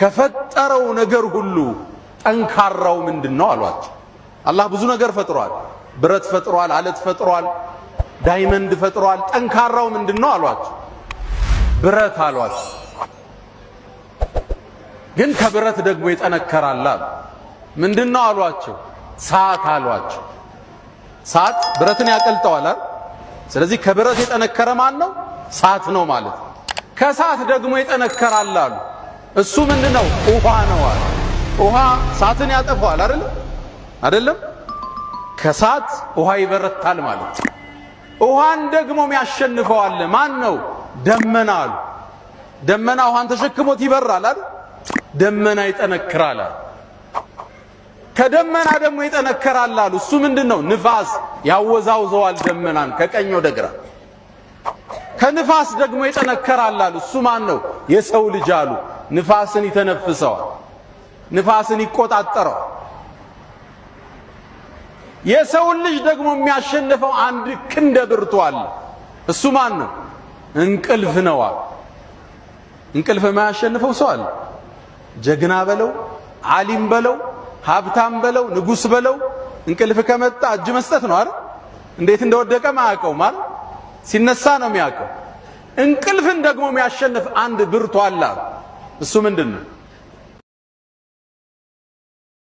ከፈጠረው ነገር ሁሉ ጠንካራው ምንድን ነው አሏቸው። አላህ ብዙ ነገር ፈጥሯል። ብረት ፈጥሯል፣ አለት ፈጥሯል፣ ዳይመንድ ፈጥሯል። ጠንካራው ምንድን ነው አሏቸው። ብረት አሏቸው። ግን ከብረት ደግሞ ይጠነከራል አሉ። ምንድን ነው አሏቸው። ሰዓት አሏቸው። ሰዓት ብረትን ያቀልጠዋል። ስለዚህ ከብረት የጠነከረ ማን ነው? ሰዓት ነው ማለት ነው። ከሰዓት ደግሞ ይጠነከራል አሉ። እሱ ምንድን ነው? ውሃ ነው አለ። ውሃ እሳትን ያጠፈዋል አይደል? አይደለም ከእሳት ውሃ ይበረታል ማለት። ውሃን ደግሞ አለ። ማን ነው? ደመና አሉ። ደመና ውሃን ተሸክሞት ይበራል አይደል? ደመና ይጠነክራል አሉ። ከደመና ደግሞ ይጠነከራል አሉ። እሱ ምንድን ነው? ንፋስ ያወዛውዘዋል ደመናን ከቀኝ ወደ ግራ። ከንፋስ ደግሞ ይጠነከራል አሉ። እሱ ማን ነው? የሰው ልጅ አሉ። ንፋስን ይተነፍሰዋል፣ ንፋስን ይቆጣጠረዋል። የሰውን ልጅ ደግሞ የሚያሸንፈው አንድ ክንደ ብርቱ አለ። እሱ ማን ነው? እንቅልፍ ነው። እንቅልፍ የማያሸንፈው ሰው አለ። ጀግና በለው፣ ዓሊም በለው፣ ሀብታም በለው፣ ንጉስ በለው፣ እንቅልፍ ከመጣ እጅ መስጠት ነው አይደል? እንዴት እንደወደቀ ማያውቀው ማለት ሲነሳ ነው የሚያውቀው። እንቅልፍን ደግሞ የሚያሸንፍ አንድ ብርቱ አለ። እሱ ምንድን ነው?